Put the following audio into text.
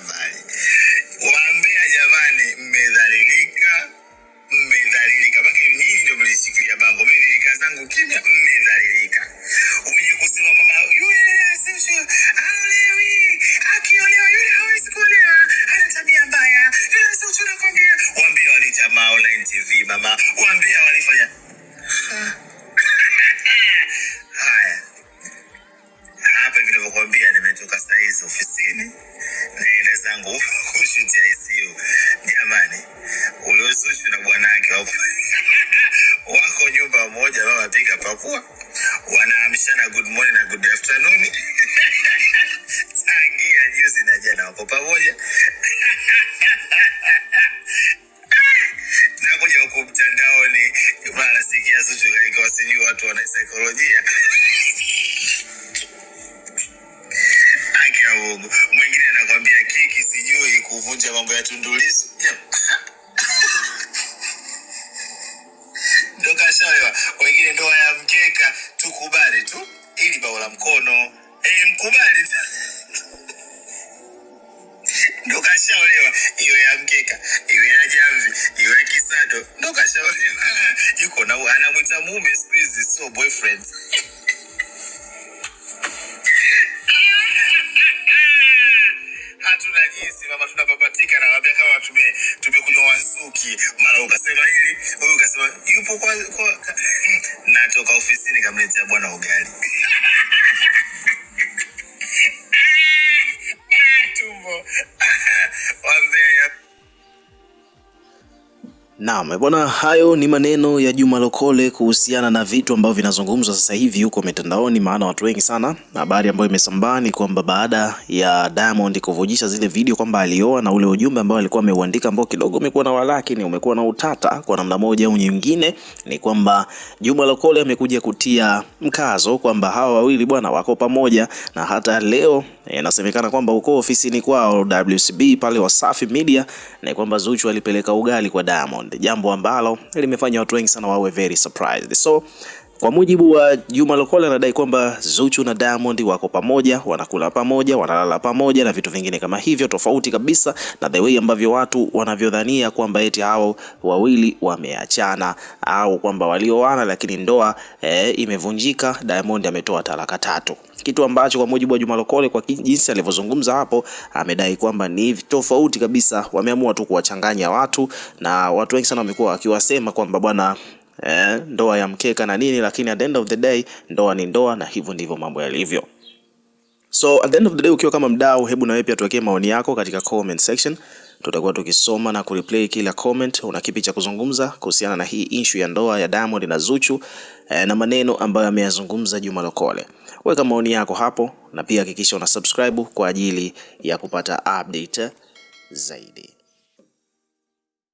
jamani, waambia jamani, mmedhalilika, mmedhalilika. Baki nyinyi ndio mlishikilia bango, mimi nilikaa zangu kimya, mmedhalilika. Wenye kusema mama yule sisi aolewi, akiolewa yule hawezi kuolewa, ana tabia mbaya, yule sio, tunakwambia. Waambia TV, mama, waambia walifanya hapa nimetoka saa hizi ofisini na zangu tangu kushuti ICU. Jamani, huyo Zuchu na bwanake wako nyumba moja, mama pika pakua, wanaamshana good morning na good afternoon tangia juzi na jana wako pamoja nakuja huku mtandaoni, maana nasikia Zuchu kaikwa, sijui watu wana saikolojia kuvunja mambo ya tundulizo Lissu ndo kashawewa wengine ndoa ya mkeka, tukubali tu ili bao la mkono e, mkubali ndo kashaolewa, iwe ya mkeka, iwe ya jamvi, iwe ya kisado, ndo kashaolewa yuko na anamwita mume siku hizi, sio boyfriend na jinsi kama tunapopatika, na nawaambia kama tume tumekunywa wazuki, mara ukasema hili, huyu ukasema yupo kwa, kwa natoka ofisini kamletea bwana ugali ah, tumbo wambea Naam, bwana, hayo ni maneno ya Juma Lokole kuhusiana na vitu ambavyo vinazungumzwa sasa hivi huko mitandaoni, maana watu wengi sana, habari ambayo imesambaa ni kwamba baada ya Diamond kuvujisha zile video kwamba alioa na ule ujumbe ambao alikuwa ameuandika ambao kidogo umekuwa na walakini, umekuwa na utata kwa namna moja au nyingine, ni kwamba Juma Lokole amekuja kutia mkazo kwamba hawa wawili bwana wako pamoja, na hata leo eh, inasemekana e, kwamba uko ofisini kwao WCB pale Wasafi Media, na kwamba Zuchu alipeleka ugali kwa Diamond jambo ambalo limefanya watu wengi sana wawe very surprised. So kwa mujibu wa Juma Lokole, anadai kwamba Zuchu na Diamond wako pamoja, wanakula pamoja, wanalala pamoja na vitu vingine kama hivyo, tofauti kabisa na the way ambavyo watu wanavyodhania kwamba eti hao wawili wameachana au kwamba walioana lakini ndoa e, imevunjika. Diamond ametoa talaka tatu, kitu ambacho kwa mujibu wa Juma Lokole, kwa jinsi alivyozungumza hapo, amedai kwamba ni tofauti kabisa, wameamua tu kuwachanganya watu, na watu wengi sana wamekuwa wakiwasema kwamba bwana eh, ndoa ya mkeka na nini, lakini at the end of the day ndoa ni ndoa, na hivyo ndivyo mambo yalivyo. So at the end of the day, ukiwa kama mdau, hebu na wewe pia tuwekee maoni yako katika comment section. Tutakuwa tukisoma na kureplay kila comment. Una kipi cha kuzungumza kuhusiana na hii issue ya ndoa ya Diamond na Zuchu eh, na maneno ambayo ameyazungumza Juma Lokole? Weka maoni yako hapo, na pia hakikisha una subscribe kwa ajili ya kupata update zaidi.